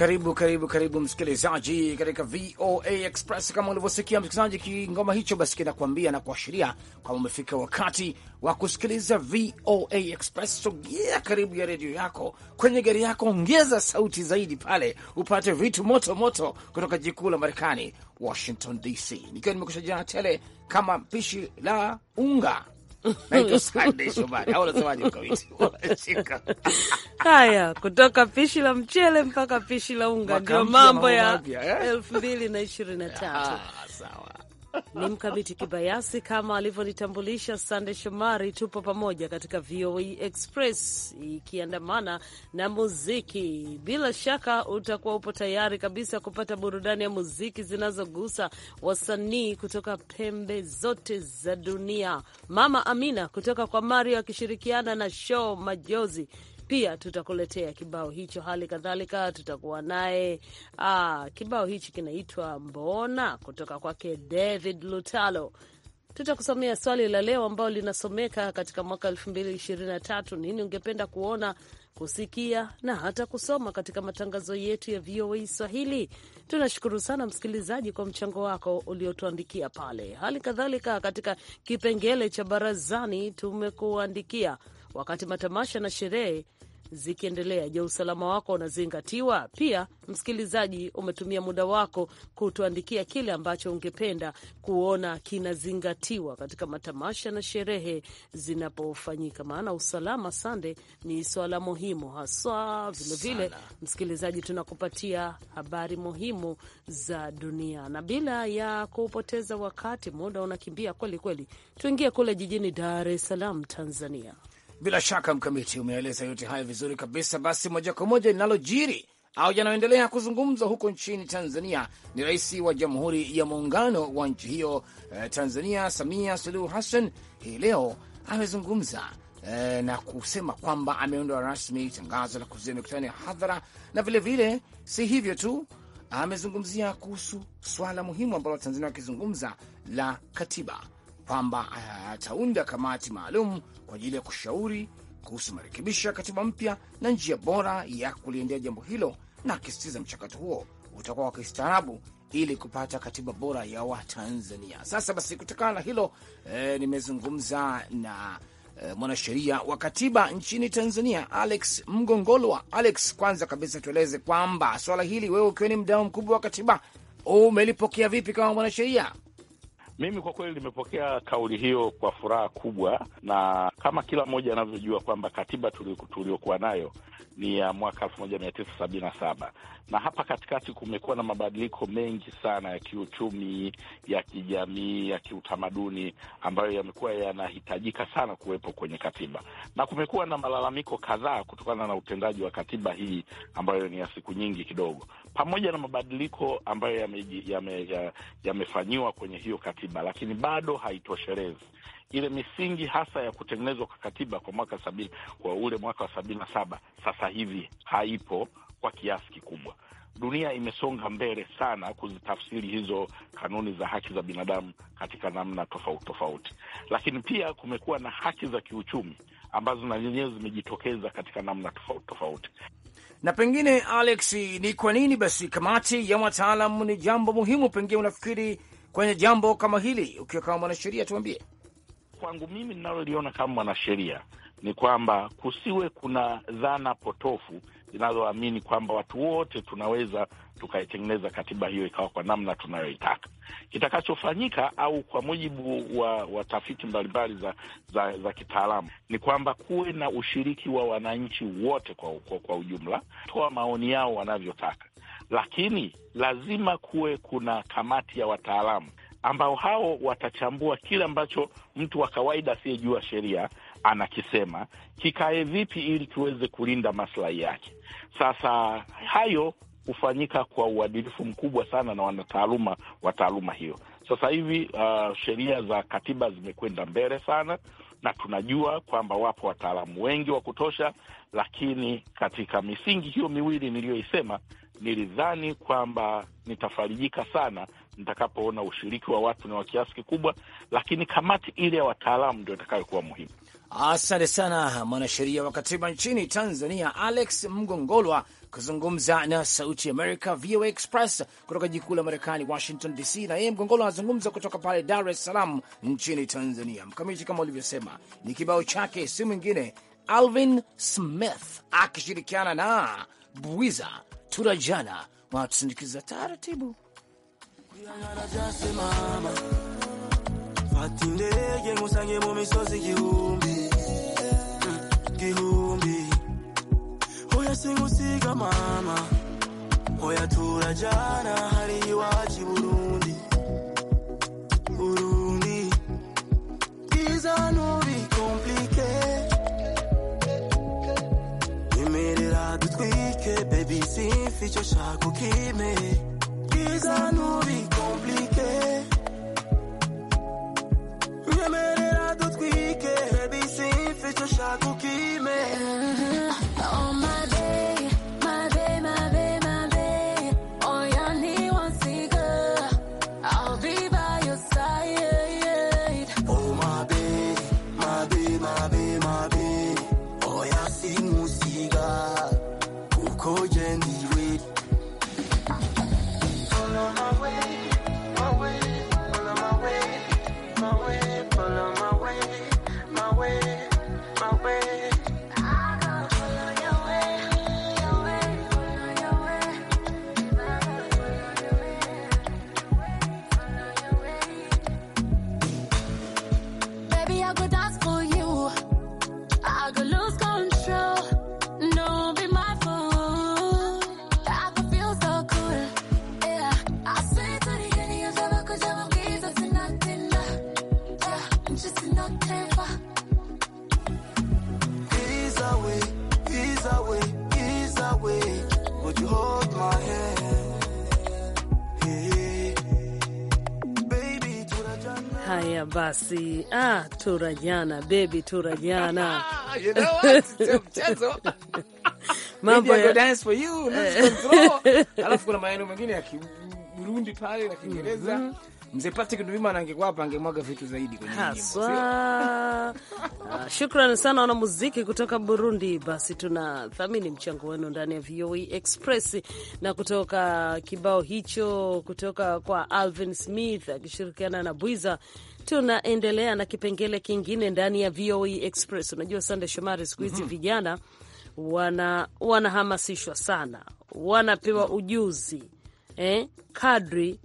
Karibu karibu karibu msikilizaji katika VOA Express. Kama ulivyosikia msikilizaji, kingoma hicho basi kinakuambia na kuashiria kwamba umefika wakati wa kusikiliza VOA Express. Sogea yeah, karibu ya redio yako, kwenye gari yako, ongeza sauti zaidi pale upate vitu moto moto kutoka jikuu la Marekani, Washington DC, nikiwa nimekusha jana tele kama pishi la unga haya, kutoka pishi la mchele mpaka pishi la unga, ndio mambo ya eh? elfu mbili na ishirini na tatu. Ah, sawa ni Mkamiti Kibayasi kama alivyonitambulisha Sande Shomari. Tupo pamoja katika VOA e Express ikiandamana na muziki. Bila shaka utakuwa upo tayari kabisa kupata burudani ya muziki zinazogusa wasanii kutoka pembe zote za dunia. Mama Amina kutoka kwa Mario akishirikiana na Show Majozi pia tutakuletea kibao hicho. Hali kadhalika tutakuwa naye ah, kibao hichi kinaitwa Mbona kutoka kwake David Lutalo. Tutakusomea swali la leo ambalo linasomeka katika mwaka tatu, nini ungependa kuona kusikia na hata kusoma katika matangazo yetu ya VOA Swahili. Tunashukuru sana msikilizaji kwa mchango wako uliotuandikia pale. Hali kadhalika katika kipengele cha barazani tumekuandikia Wakati matamasha na sherehe zikiendelea, je, usalama wako unazingatiwa? Pia msikilizaji, umetumia muda wako kutuandikia kile ambacho ungependa kuona kinazingatiwa katika matamasha na sherehe zinapofanyika, maana usalama, Sande, ni swala muhimu haswa. Vilevile msikilizaji, tunakupatia habari muhimu za dunia, na bila ya kupoteza wakati, muda unakimbia kweli kweli, tuingie kule jijini Dar es Salaam, Tanzania. Bila shaka Mkamiti umeeleza yote hayo vizuri kabisa. Basi moja kwa moja linalojiri au yanayoendelea kuzungumzwa huko nchini Tanzania ni rais wa Jamhuri ya Muungano wa nchi hiyo eh, Tanzania, Samia Suluhu Hassan hii leo amezungumza eh, na kusema kwamba ameondoa rasmi tangazo la kuzuia mikutano ya hadhara, na vilevile vile, si hivyo tu amezungumzia kuhusu swala muhimu ambalo Watanzania wakizungumza la katiba kwamba eh, ataunda kamati maalum kwa ajili ya kushauri kuhusu marekebisho ya katiba mpya na njia bora ya kuliendea jambo hilo, na akisitiza mchakato huo utakuwa wa kistaarabu ili kupata katiba bora ya Watanzania. Sasa basi, kutokana na hilo e, nimezungumza na e, mwanasheria wa katiba nchini Tanzania Alex Mgongolwa. Alex, kwanza kabisa tueleze kwamba swala hili wewe ukiwa ni mdau mkubwa wa katiba umelipokea vipi kama mwanasheria? Mimi kwa kweli nimepokea kauli hiyo kwa furaha kubwa, na kama kila mmoja anavyojua kwamba katiba tuliokuwa nayo ni ya mwaka elfu moja mia tisa sabini na saba na hapa katikati kumekuwa na mabadiliko mengi sana ya kiuchumi, ya kijamii, ya kiutamaduni ambayo yamekuwa yanahitajika sana kuwepo kwenye katiba, na kumekuwa na malalamiko kadhaa kutokana na utendaji wa katiba hii ambayo ni ya siku nyingi kidogo, pamoja na mabadiliko ambayo yamefanyiwa yame, yame kwenye hiyo katiba katiba, lakini bado haitoshelezi ile misingi hasa ya kutengenezwa kwa katiba kwa mwaka sabini, kwa ule mwaka wa sabini na saba sasa hivi haipo kwa kiasi kikubwa. Dunia imesonga mbele sana kuzitafsiri hizo kanuni za haki za binadamu katika namna tofauti tofauti, lakini pia kumekuwa na haki za kiuchumi ambazo na zenyewe zimejitokeza katika namna tofauti tofauti. Na pengine Alex, ni kwa nini basi kamati ya wataalam ni jambo muhimu, pengine unafikiri kwenye jambo kama hili, ukiwa kama mwanasheria? Tuambie. Kwangu mimi ninaloliona kama mwanasheria ni kwamba kusiwe kuna dhana potofu zinazoamini kwamba watu wote tunaweza tukaitengeneza katiba hiyo ikawa kwa namna tunayoitaka. Kitakachofanyika au kwa mujibu wa, wa tafiti mbalimbali za, za, za kitaalamu ni kwamba kuwe na ushiriki wa wananchi wote kwa, kwa, kwa ujumla, toa maoni yao wanavyotaka lakini lazima kuwe kuna kamati ya wataalamu ambao hao watachambua kile ambacho mtu wa kawaida asiyejua sheria anakisema kikae vipi, ili tuweze kulinda maslahi yake. Sasa hayo hufanyika kwa uadilifu mkubwa sana na wanataaluma wa taaluma hiyo. Sasa hivi uh, sheria za katiba zimekwenda mbele sana, na tunajua kwamba wapo wataalamu wengi wa kutosha, lakini katika misingi hiyo miwili niliyoisema nilidhani kwamba nitafarijika sana nitakapoona ushiriki wa watu ni wa kiasi kikubwa, lakini kamati ile ya wataalamu ndio itakayokuwa muhimu. Asante sana mwanasheria wa katiba nchini Tanzania Alex Mgongolwa kuzungumza na Sauti America VOA Express kutoka jiji kuu la Marekani, Washington DC. Na yeye Mgongolwa anazungumza kutoka pale Dar es Salaam nchini Tanzania. Mkamiti, kama ulivyosema, ni kibao chake, si mwingine Alvin Smith akishirikiana na Bwiza Turajana wanatusindikiza taratibu Oya singusiga mama, oya turajana keep me basi. Ah, turajana bebi, turajana you mambo ya dance for you lose control. Alafu kuna maneno mengine ya Kirundi pale na Kiingereza mm -hmm. Mzee Patrick Ndwimana angekuwa hapa angemwaga vitu zaidi kwenye haswa. Ah, shukrani sana wana muziki kutoka Burundi. Basi tunathamini mchango wenu ndani ya VOA e Express, na kutoka kibao hicho kutoka kwa Alvin Smith akishirikiana na Bwiza Tunaendelea na kipengele kingine ndani ya VOA e Express. Unajua Sande Shomari, siku hizi mm -hmm. vijana wana wanahamasishwa sana, wanapewa mm. ujuzi eh, kadri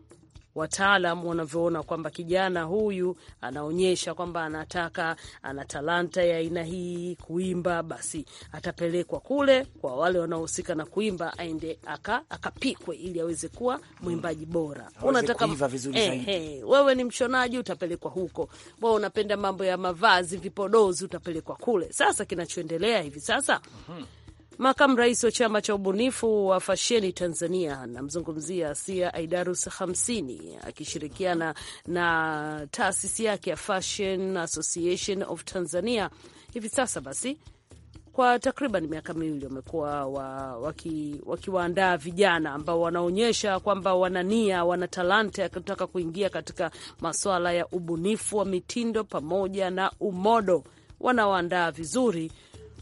wataalam wanavyoona kwamba kijana huyu anaonyesha kwamba anataka ana talanta ya aina hii kuimba, basi atapelekwa kule kwa wale wanaohusika na kuimba, aende akapikwe aka ili aweze kuwa mwimbaji bora. Unataka wewe ni mshonaji, utapelekwa huko. Wewe unapenda mambo ya mavazi, vipodozi, utapelekwa kule. Sasa kinachoendelea hivi sasa mm -hmm. Makamu rais wa chama cha ubunifu wa fasheni Tanzania, namzungumzia Asia Aidarus 50 akishirikiana na taasisi yake ya Fashion Association of Tanzania hivi sasa basi kwa takriban miaka miwili wamekuwa wakiwaandaa waki vijana ambao wanaonyesha kwamba wana nia, wana talanta ya kutaka kuingia katika masuala ya ubunifu wa mitindo pamoja na umodo. Wanawaandaa vizuri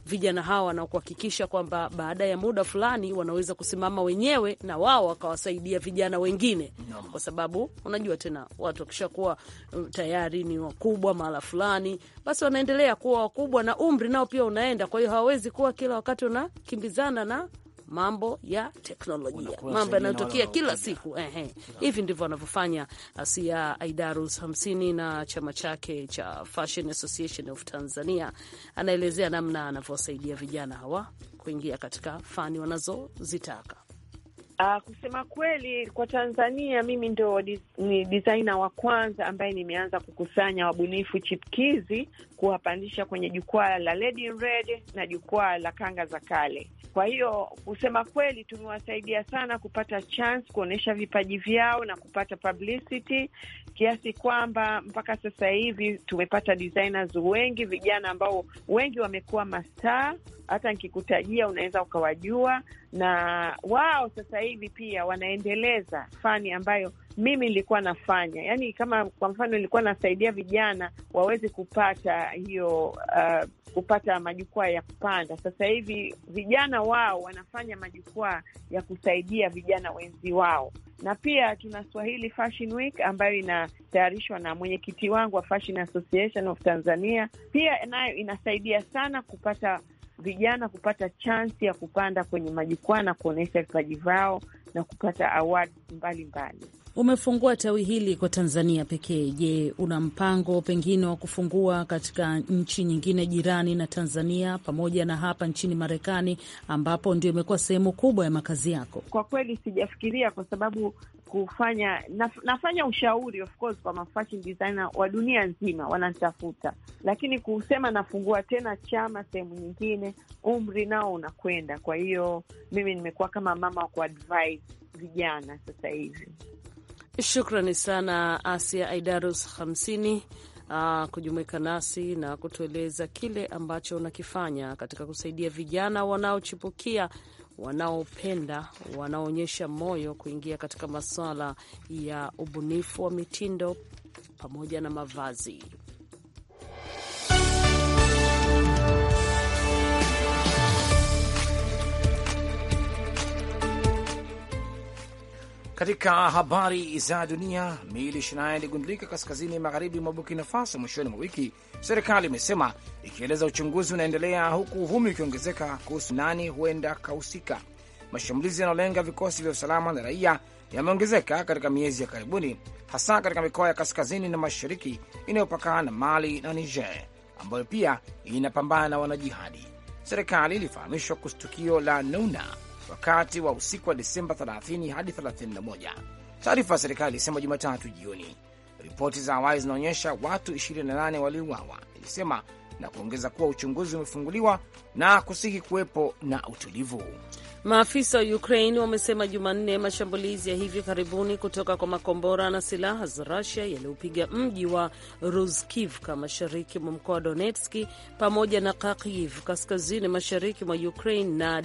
vijana hawa na kuhakikisha kwamba baada ya muda fulani wanaweza kusimama wenyewe na wao wakawasaidia vijana wengine, kwa sababu unajua tena watu wakishakuwa mm, tayari ni wakubwa mahala fulani, basi wanaendelea kuwa wakubwa na umri nao pia unaenda. Kwa hiyo hawawezi kuwa kila wakati unakimbizana na mambo ya teknolojia, mambo yanayotokea kila siku. Ehe, hivi ndivyo wanavyofanya Asia uh, Aidarus hamsini na chama chake cha Fashion Association of Tanzania. Anaelezea namna anavyowasaidia vijana hawa kuingia katika fani wanazozitaka. Uh, kusema kweli kwa Tanzania mimi ndo ni designer wa kwanza ambaye nimeanza kukusanya wabunifu chipkizi kuwapandisha kwenye jukwaa la Lady Red na jukwaa la Kanga za Kale. Kwa hiyo kusema kweli tumewasaidia sana kupata chance kuonyesha vipaji vyao na kupata publicity kiasi kwamba mpaka sasa hivi tumepata designers wengi vijana ambao wengi wamekuwa mastaa hata nikikutajia unaweza ukawajua, na wao sasa hivi pia wanaendeleza fani ambayo mimi nilikuwa nafanya. Yani kama kwa mfano nilikuwa nasaidia vijana waweze kupata hiyo uh, kupata majukwaa ya kupanda. Sasa hivi vijana wao wanafanya majukwaa ya kusaidia vijana wenzi wao, na pia tuna Swahili Fashion Week ambayo inatayarishwa na mwenyekiti wangu wa Fashion Association of Tanzania, pia nayo inasaidia sana kupata vijana kupata chansi ya kupanda kwenye majukwaa na kuonyesha vipaji vyao na kupata awards mbalimbali mbali. Umefungua tawi hili kwa Tanzania pekee. Je, una mpango pengine wa kufungua katika nchi nyingine jirani na Tanzania pamoja na hapa nchini Marekani ambapo ndio imekuwa sehemu kubwa ya makazi yako? Kwa kweli sijafikiria kwa sababu kufanya naf, nafanya ushauri of course kwa fashion designer wa dunia nzima wanantafuta lakini kusema nafungua tena chama sehemu nyingine, umri nao unakwenda. Kwa hiyo mimi nimekuwa kama mama wa kuadvise vijana sasa hivi. Shukrani sana Asia Aidarus 50 uh, ah, kujumuika nasi na kutueleza kile ambacho unakifanya katika kusaidia vijana wanaochipukia wanaopenda wanaoonyesha moyo kuingia katika masuala ya ubunifu wa mitindo pamoja na mavazi. Katika habari za dunia, miili 28 iligundulika kaskazini magharibi mwa Burkina Faso mwishoni mwa wiki, serikali imesema ikieleza uchunguzi unaendelea, huku uvumi ukiongezeka kuhusu nani huenda kahusika. Mashambulizi yanayolenga vikosi vya usalama na raia yameongezeka katika miezi ya karibuni, hasa katika mikoa ya kaskazini na mashariki inayopakana na Mali na Niger, ambayo pia inapambana na wanajihadi. Serikali ilifahamishwa kuhusu tukio la Nouna wakati wa usiku wa Disemba 30 hadi 31, taarifa ya serikali ilisema Jumatatu jioni. Ripoti za awali zinaonyesha watu 28 waliuawa, ilisema na kuongeza kuwa uchunguzi umefunguliwa na kusihi kuwepo na utulivu. Maafisa wa Ukraine wamesema Jumanne mashambulizi ya hivi karibuni kutoka kwa makombora na silaha za Rusia yaliyopiga mji wa Ruskivka mashariki mwa mkoa wa Donetski pamoja na Kharkiv kaskazini mashariki mwa Ukraine na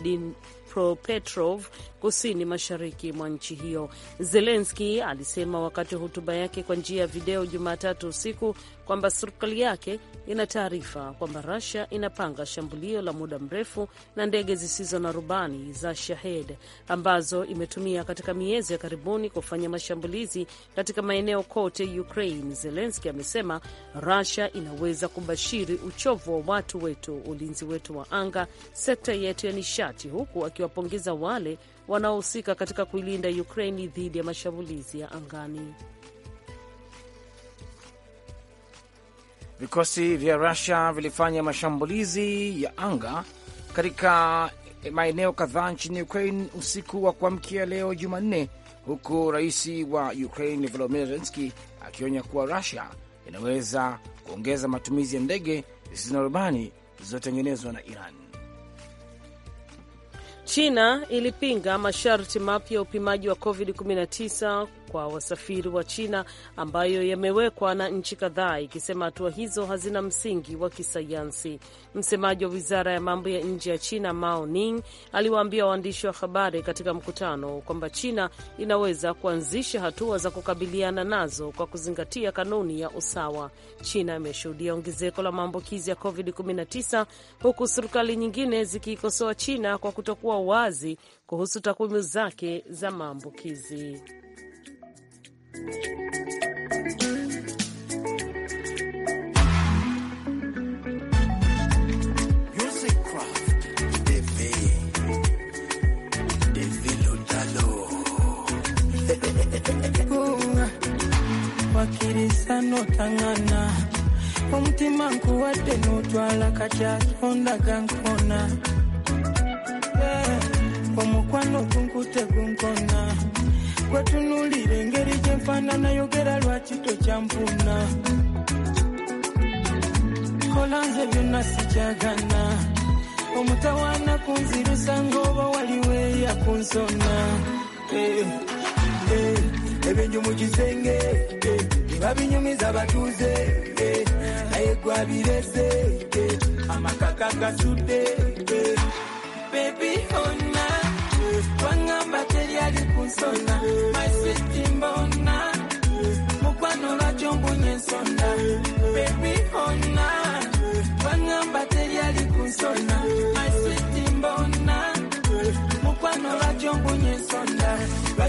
Propetrov kusini mashariki mwa nchi hiyo. Zelenski alisema wakati wa hotuba yake kwa njia ya video Jumatatu usiku kwamba serikali yake ina taarifa kwamba rasia inapanga shambulio la muda mrefu na ndege zisizo na rubani za Shahed ambazo imetumia katika miezi ya karibuni kufanya mashambulizi katika maeneo kote Ukraine. Zelenski amesema rasia inaweza kubashiri uchovu wa watu wetu, ulinzi wetu wa anga, sekta yetu ya nishati, huku akiwapongeza wale wanaohusika katika kuilinda Ukraini dhidi ya mashambulizi ya angani. Vikosi vya Rusia vilifanya mashambulizi ya anga katika maeneo kadhaa nchini Ukraine usiku wa kuamkia leo Jumanne, huku rais wa Ukraine Volodymyr Zelensky akionya kuwa Rusia inaweza kuongeza matumizi ya ndege zisizo na rubani zilizotengenezwa na Iran. China ilipinga masharti mapya ya upimaji wa COVID-19 kwa wasafiri wa China ambayo yamewekwa na nchi kadhaa, ikisema hatua hizo hazina msingi wa kisayansi. Msemaji wa wizara ya mambo ya nje ya China Mao Ning aliwaambia waandishi wa habari katika mkutano kwamba China inaweza kuanzisha hatua za kukabiliana nazo kwa kuzingatia kanuni ya usawa. China imeshuhudia ongezeko la maambukizi ya COVID-19 huku serikali nyingine zikiikosoa China kwa kutokuwa wazi kuhusu takwimu zake za maambukizi omutima nkuwadde notwala eh, omukwano gunkute gunkona gwetunuli kifanana yogera lwaki tokyampuna kolanze byonna sikyagana omutawana kunzirusa ngaoba waliweya ku nsona eh, eh, ebinju mu kisenge tebabinyumiza eh, batuuze naye gwabirese amakaka gasudde bebi ona wangamba teryali ku nsona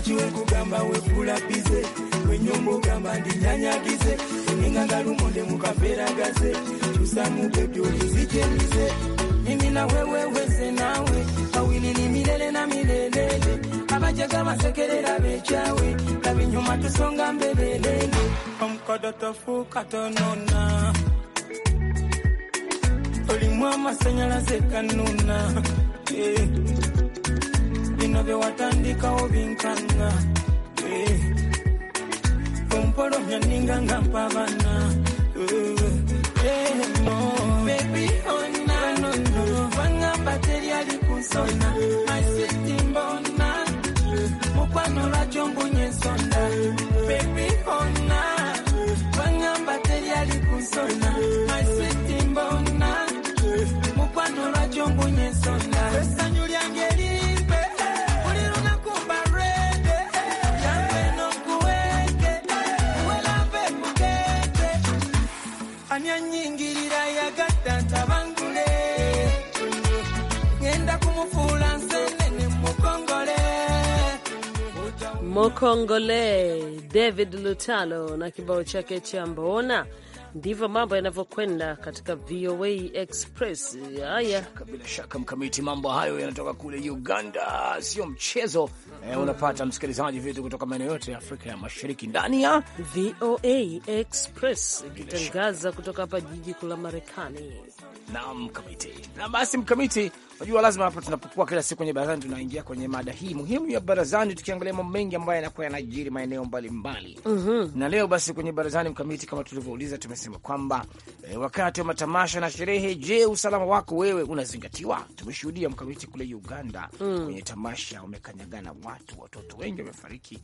kati wekugamba wekulabize wenyumba ogamba ndinyanyagize eninga ngalumonde mukaperagaze kyusamugebyolizijemize mimi naweweweze nawe awinini milele na milelele abajaga basekerera becawe kabinyuma tusonga mbebelele omukodo tofuuka tonona olimu amasanyalaze kanuna yeah. binavyowatandika obinkana ompolomya eh. ninga nga mpabana eh. eh, baby ona bangamba mokongole David Lutalo na kibao chake cha Mbona. Ndivyo mambo yanavyokwenda katika VOA Express. Haya, bila shaka mkamiti, mambo hayo yanatoka kule Uganda, sio mchezo mm unapata msikilizaji vitu kutoka maeneo yote ya Afrika ya Mashariki ndani ya VOA Express ikitangaza kutoka hapa jiji kuu la Marekani. Naam mkamiti, na basi mkamiti Unajua, lazima hapa tunapokuwa kila siku kwenye barazani, tunaingia kwenye mada hii muhimu ya barazani, tukiangalia mambo mengi ambayo yanakuwa yanajiri maeneo mbalimbali mm -hmm. na leo basi kwenye barazani mkamiti, kama tulivyouliza, tumesema kwamba e, wakati wa matamasha na sherehe, je, usalama wako wewe unazingatiwa? Tumeshuhudia mkamiti kule Uganda mm. kwenye tamasha wamekanyagana watu, watoto wengi wamefariki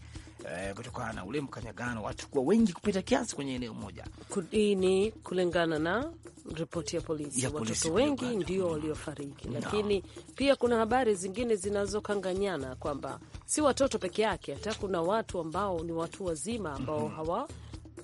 eh, kutokana na ule mkanyagano, watu kuwa wengi kupita kiasi kwenye eneo moja. Hii ni kulingana na ripoti ya polisi ya watoto polisi wengi ndio waliofariki, lakini no. pia kuna habari zingine zinazokanganyana kwamba si watoto peke yake, hata kuna watu ambao ni watu wazima ambao mm -hmm.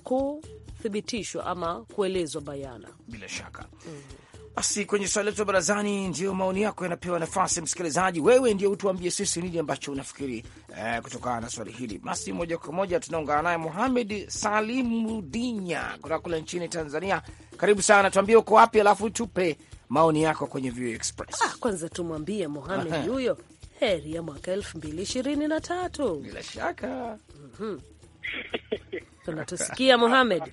hawakuthibitishwa ama kuelezwa bayana, bila shaka mm -hmm. Basi kwenye swali letu barazani, ndio maoni yako yanapewa nafasi. Msikilizaji, wewe ndio utuambie sisi nini ambacho unafikiri eh, kutokana na swali hili. Basi moja kwa moja tunaungana naye Muhamed Salimu Dinya kutoka kule nchini Tanzania. Karibu sana, tuambie uko wapi, alafu tupe maoni yako kwenye View Express. Ah, kwanza tumwambie Muhamed huyo heri ya mwaka elfu mbili ishirini na tatu bila shaka. mm -hmm. tunatusikia Muhamed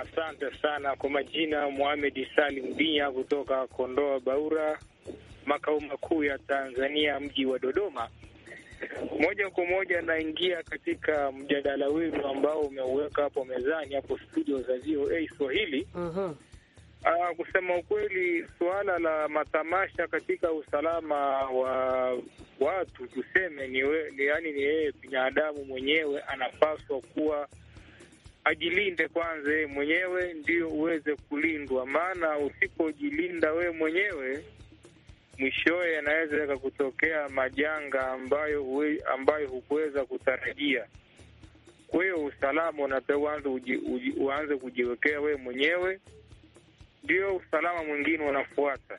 Asante sana kwa majina, muhamed Salim Binya kutoka Kondoa Baura, makao makuu ya Tanzania, mji wa Dodoma. Moja kwa moja naingia katika mjadala wenu ambao umeuweka hapo mezani hapo studio za VOA Swahili. uh-huh. Uh, kusema ukweli, suala la matamasha katika usalama wa watu tuseme ni, yani ni yeye binadamu mwenyewe anapaswa kuwa ajilinde kwanza yeye mwenyewe ndio uweze kulindwa, maana usipojilinda wewe mwenyewe mwishowe yanaweza yakakutokea majanga ambayo uwe, ambayo hukuweza kutarajia. Kwa hiyo usalama unapewa uanze kujiwekea wewe mwenyewe, ndio usalama mwingine unafuata.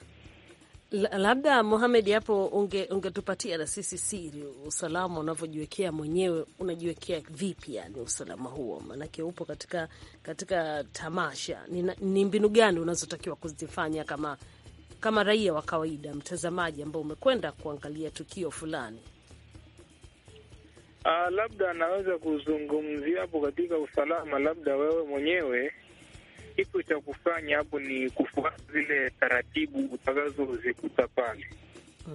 Labda Mohamed, hapo ungetupatia unge na sisi siri, usalama unavyojiwekea mwenyewe, unajiwekea vipi yani usalama huo? Maanake upo katika katika tamasha, ni mbinu gani unazotakiwa kuzifanya kama kama raia wa kawaida, mtazamaji ambao umekwenda kuangalia tukio fulani? Uh, labda anaweza kuzungumzia hapo katika usalama, labda wewe mwenyewe kitu cha kufanya hapo ni kufuata zile taratibu utakazozikuta pale.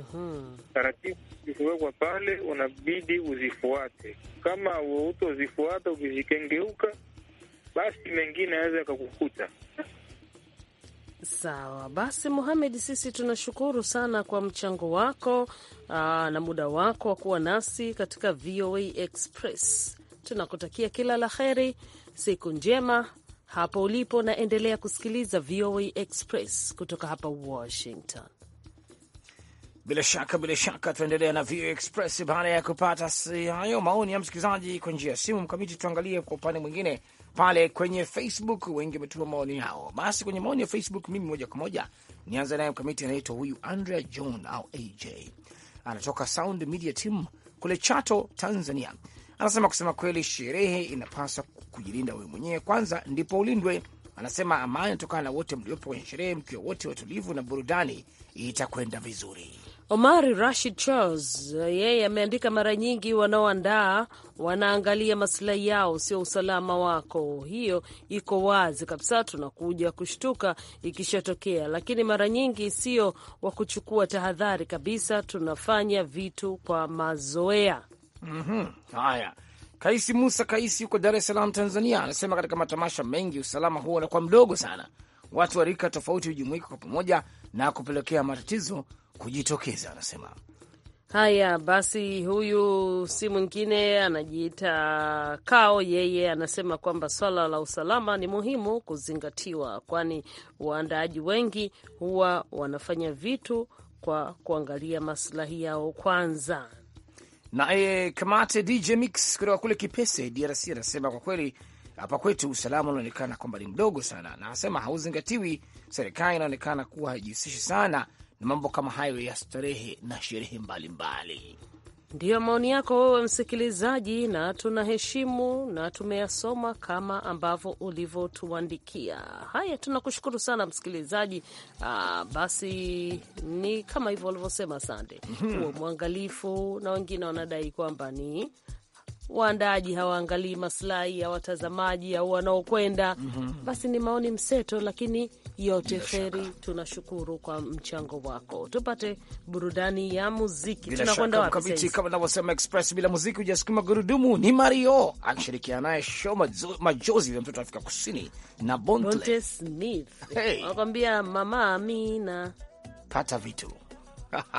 Uhum. Taratibu zikiwekwa pale unabidi uzifuate. Kama utozifuata ukizikengeuka, basi mengine anaweza akakukuta. Sawa basi, Muhamed, sisi tunashukuru sana kwa mchango wako aa, na muda wako wa kuwa nasi katika VOA Express. Tunakutakia kila la heri, siku njema hapo ulipo, naendelea kusikiliza VOA Express kutoka hapa Washington. Bila shaka bila shaka, tuendelea na VOA Express baada ya kupata hayo maoni ya msikilizaji kwa njia ya simu. Mkamiti, tuangalie kwa upande mwingine pale kwenye Facebook, wengi wametuma maoni yao. Basi kwenye maoni ya Facebook, mimi moja kwa moja nianza naye Mkamiti, anaitwa huyu Andrea John au AJ, anatoka Sound Media Team kule Chato, Tanzania. Anasema kusema kweli, sherehe inapaswa kujilinda wewe mwenyewe kwanza, ndipo ulindwe. Anasema amani inatokana na wote mliopo kwenye sherehe, mkiwa wote watulivu na burudani, itakwenda vizuri. Omari Rashid Charles yeye ameandika, mara nyingi wanaoandaa wanaangalia masilahi yao, sio usalama wako. Hiyo iko wazi kabisa, tunakuja kushtuka ikishatokea, lakini mara nyingi sio wa kuchukua tahadhari kabisa, tunafanya vitu kwa mazoea mm -hmm. Haya, Kaisi Musa Kaisi yuko Dar es Salaam, Tanzania, anasema katika matamasha mengi usalama huo unakuwa mdogo sana, watu wa rika tofauti hujumuika kwa pamoja na kupelekea matatizo kujitokeza, anasema. Haya basi, huyu si mwingine anajiita Kao. Yeye anasema kwamba swala la usalama ni muhimu kuzingatiwa, kwani waandaaji wengi huwa wanafanya vitu kwa kuangalia maslahi yao kwanza. Naye Kamate DJ Mix kutoka kule Kipese, DRC, anasema kwa kweli hapa kwetu usalama unaonekana kwamba ni mdogo sana, na anasema hauzingatiwi. Serikali inaonekana kuwa haijihusishi sana na mambo kama hayo ya starehe na sherehe mbalimbali mbali. Ndiyo maoni yako wewe msikilizaji, na tunaheshimu na tumeyasoma kama ambavyo ulivyotuandikia. Haya, tunakushukuru sana msikilizaji. Aa, ah, basi ni kama hivyo walivyosema, sande, huo mhm. mwangalifu. Na wengine wanadai kwamba ni waandaji hawaangalii maslahi ya watazamaji au wanaokwenda mm -hmm. Basi ni maoni mseto, lakini yote heri. Tunashukuru kwa mchango wako. Tupate burudani ya muziki. Tunakwenda wapi sasa? Kama navyosema express, bila muziki hujasukuma gurudumu. Ni Mario akishirikiana naye show majozi ya mtoto Afrika Kusini na Bonte, Bonte Smith hey. Wanakwambia mama Amina, pata vitu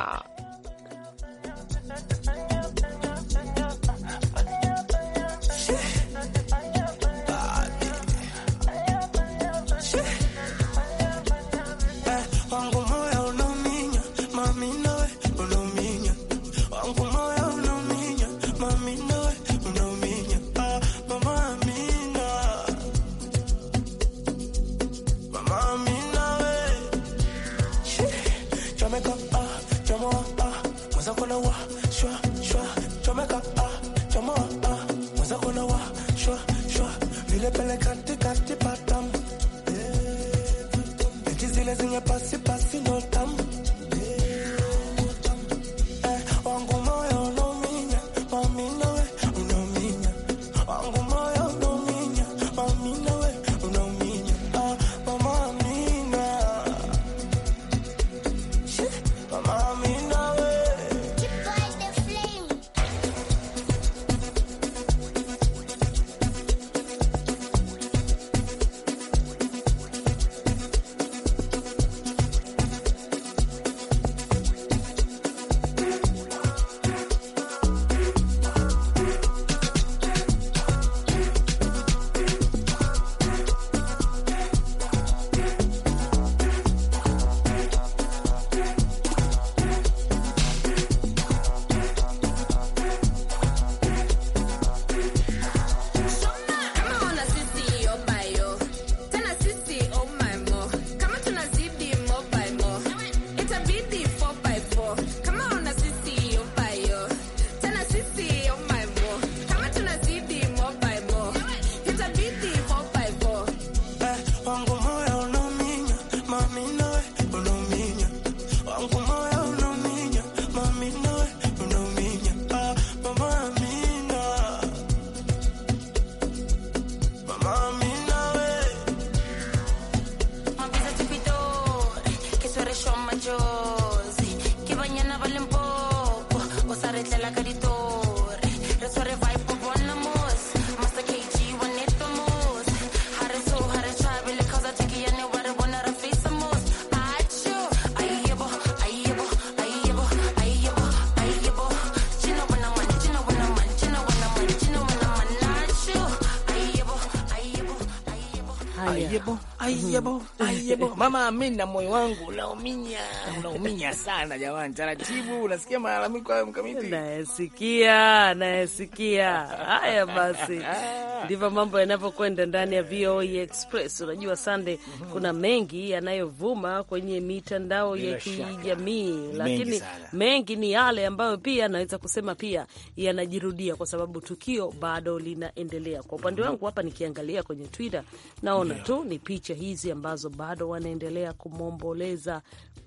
que mañana valen poco o s'arregla la carito aibu mhm. aibu, mama Amina, moyo wangu unaumia, unaumia sana jamani. Taratibu, unasikia malalamiko hayo mkamiti? Nayesikia, nayesikia. Haya basi, ndivyo mambo yanavyokwenda ndani ya VOA e Express. Unajua Sande, mhm. kuna mengi yanayovuma kwenye mitandao ya kijamii, lakini mengi ni yale ambayo pia naweza kusema pia yanajirudia kwa sababu tukio bado linaendelea. Kwa upande mhm. wangu hapa nikiangalia kwenye Twitter naona tu ni picha hizi ambazo bado wanaendelea kumwomboleza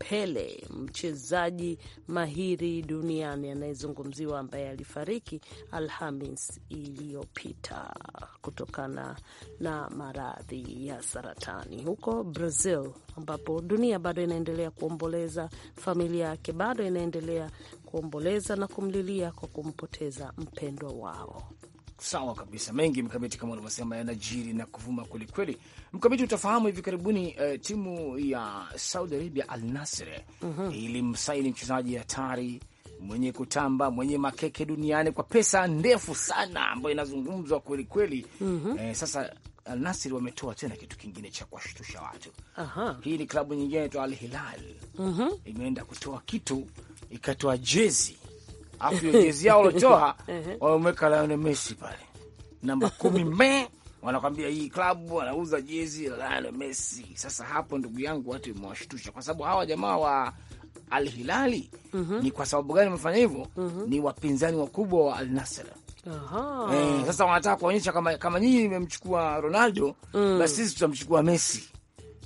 Pele, mchezaji mahiri duniani anayezungumziwa, ambaye alifariki Alhamis iliyopita kutokana na maradhi ya saratani huko Brazil, ambapo dunia bado inaendelea kuomboleza, familia yake bado inaendelea kuomboleza na kumlilia kwa kumpoteza mpendwa wao. Sawa kabisa, mengi Mkamiti, kama unavyosema yanajiri na kuvuma kwelikweli. Mkamiti, utafahamu hivi karibuni eh, timu ya Saudi Arabia Al Nasr mm -hmm. ilimsaini mchezaji hatari mwenye kutamba mwenye makeke duniani kwa pesa ndefu sana ambayo inazungumzwa kwelikweli mm -hmm. eh, sasa Al wametoa tena kitu kingine cha kuwashtusha watu. Aha. Hii ni klabu nyingine inaitwa Al Hilal mm -hmm. imeenda kutoa kitu ikatoa jezi afu hiyo jezi yao walotoa wameweka Lionel Messi pale namba kumi me wanakwambia hii klabu wanauza jezi la Lionel Messi. Sasa hapo, ndugu yangu, watu imewashtusha kwa sababu hawa jamaa wa Al Hilali mm -hmm. Ni kwa sababu gani wamefanya hivyo? mm -hmm. Ni wapinzani wakubwa wa Al Nasr. E, eh, sasa wanataka kuonyesha kama, kama nyinyi imemchukua Ronaldo mm. basi sisi tutamchukua Messi,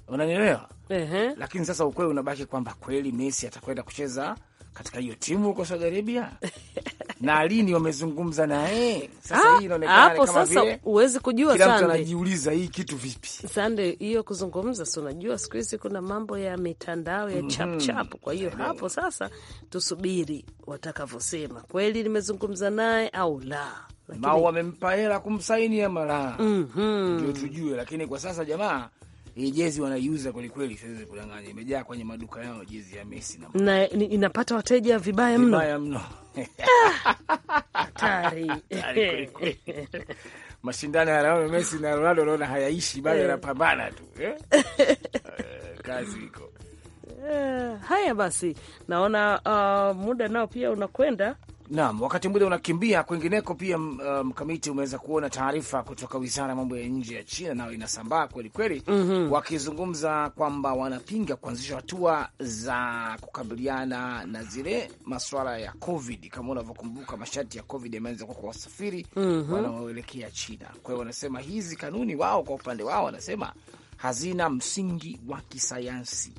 unanielewa? uh -huh. Lakini sasa ukweli unabaki kwamba kweli Messi atakwenda kucheza katika hiyo timu huko Saudi Arabia na lini wamezungumza naye? Sasa ah, sasa huwezi kujua, kila mtu anajiuliza hii kitu vipi. Sande, hiyo kuzungumza, si unajua siku hizi kuna mambo ya mitandao ya mhm. chapchap mm -hmm. Kwa hiyo yaani hapo sasa tusubiri watakavyosema, kweli nimezungumza naye au la Lakini... mau wamempa hela kumsaini ama la, mhm. ndio mm -hmm. tujue, lakini kwa sasa jamaa hii jezi wanaiuza kwelikweli, siwezi kudanganya, imejaa kwenye maduka yao jezi ya Messi na, na inapata wateja vibaya mno, vibaya mno. hatari mashindano ya Lionel Messi na Ronaldo naona hayaishi, bado eh. yanapambana tu eh? Eh, kazi iko haya. Basi naona uh, muda nao pia unakwenda Naam, wakati muda unakimbia kwingineko pia. mkamiti, uh, mkamiti umeweza kuona taarifa kutoka wizara ya mambo ya nje ya China, nayo inasambaa kweli kweli mm -hmm. wakizungumza kwamba wanapinga kuanzisha hatua za kukabiliana na zile masuala ya COVID. Kama unavyokumbuka masharti ya COVID yameanza kwa wasafiri mm -hmm. wanaoelekea China. Kwa hiyo wanasema hizi kanuni, wao kwa upande wao wanasema hazina msingi wa kisayansi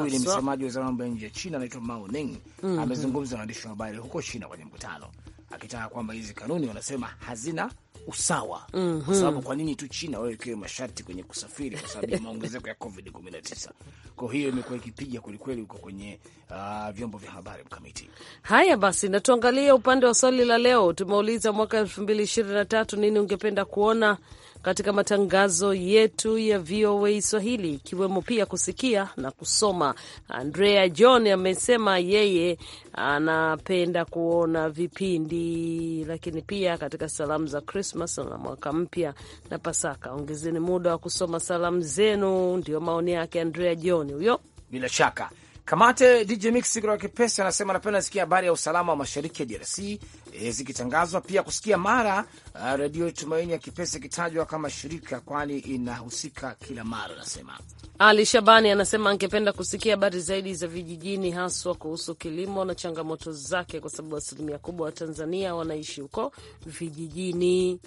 Huyu ni msemaji wa wizara mambo ya nje ya China, anaitwa Mao Ning mm -hmm. amezungumza na waandishi wa habari huko China kwenye mkutano, akitaka kwamba hizi kanuni wanasema hazina usawa mm -hmm. kwa sababu kwa nini tu China wao ikiwe masharti kwenye kusafiri kwa sababu ya maongezeko ya COVID 19? Kwa hiyo imekuwa ikipiga kwelikweli huko kwenye uh, vyombo vya habari mkamiti. Haya basi, na tuangalie upande wa swali la leo. Tumeuliza mwaka elfu mbili ishirini na tatu nini ungependa kuona katika matangazo yetu ya VOA Swahili, ikiwemo pia kusikia na kusoma. Andrea John amesema yeye anapenda kuona vipindi, lakini pia katika salamu za Krismas na mwaka mpya na Pasaka, ongezeni muda wa kusoma salamu zenu. Ndio maoni yake Andrea John huyo, bila shaka Kamate DJ Mix kutoka Kipesi anasema anapenda sikia habari ya usalama wa mashariki ya DRC e, zikitangazwa pia kusikia mara uh, redio Tumaini ya Kipesi ikitajwa kama shirika, kwani inahusika kila mara. Anasema Ali Shabani anasema angependa kusikia habari zaidi za vijijini, haswa kuhusu kilimo na changamoto zake, kwa sababu asilimia kubwa wa Tanzania wanaishi huko vijijini.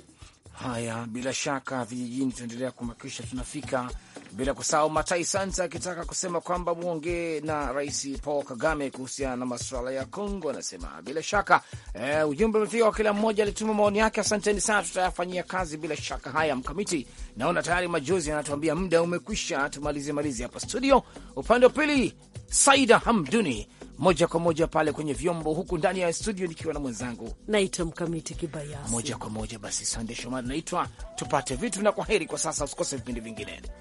Haya, bila shaka vijijini, tunaendelea kumakisha tunafika bila kusahau Matai Sansa akitaka kusema kwamba muongee na Rais Paul Kagame kuhusiana na masuala ya Kongo. Anasema bila shaka e, ujumbe umefika kwa kila mmoja alituma maoni yake. Asanteni sana, tutayafanyia kazi bila shaka. Haya, Mkamiti, naona tayari majozi anatuambia muda umekwisha, tumalize malizi hapa studio. Upande wa pili, Saida Hamduni moja kwa moja pale kwenye vyombo, huku ndani ya studio nikiwa na mwenzangu naitwa Mkamiti Kibayasi. Moja kwa moja basi, Sande Shomari naitwa, tupate vitu na kwa heri kwa sasa. Usikose vipindi vingine.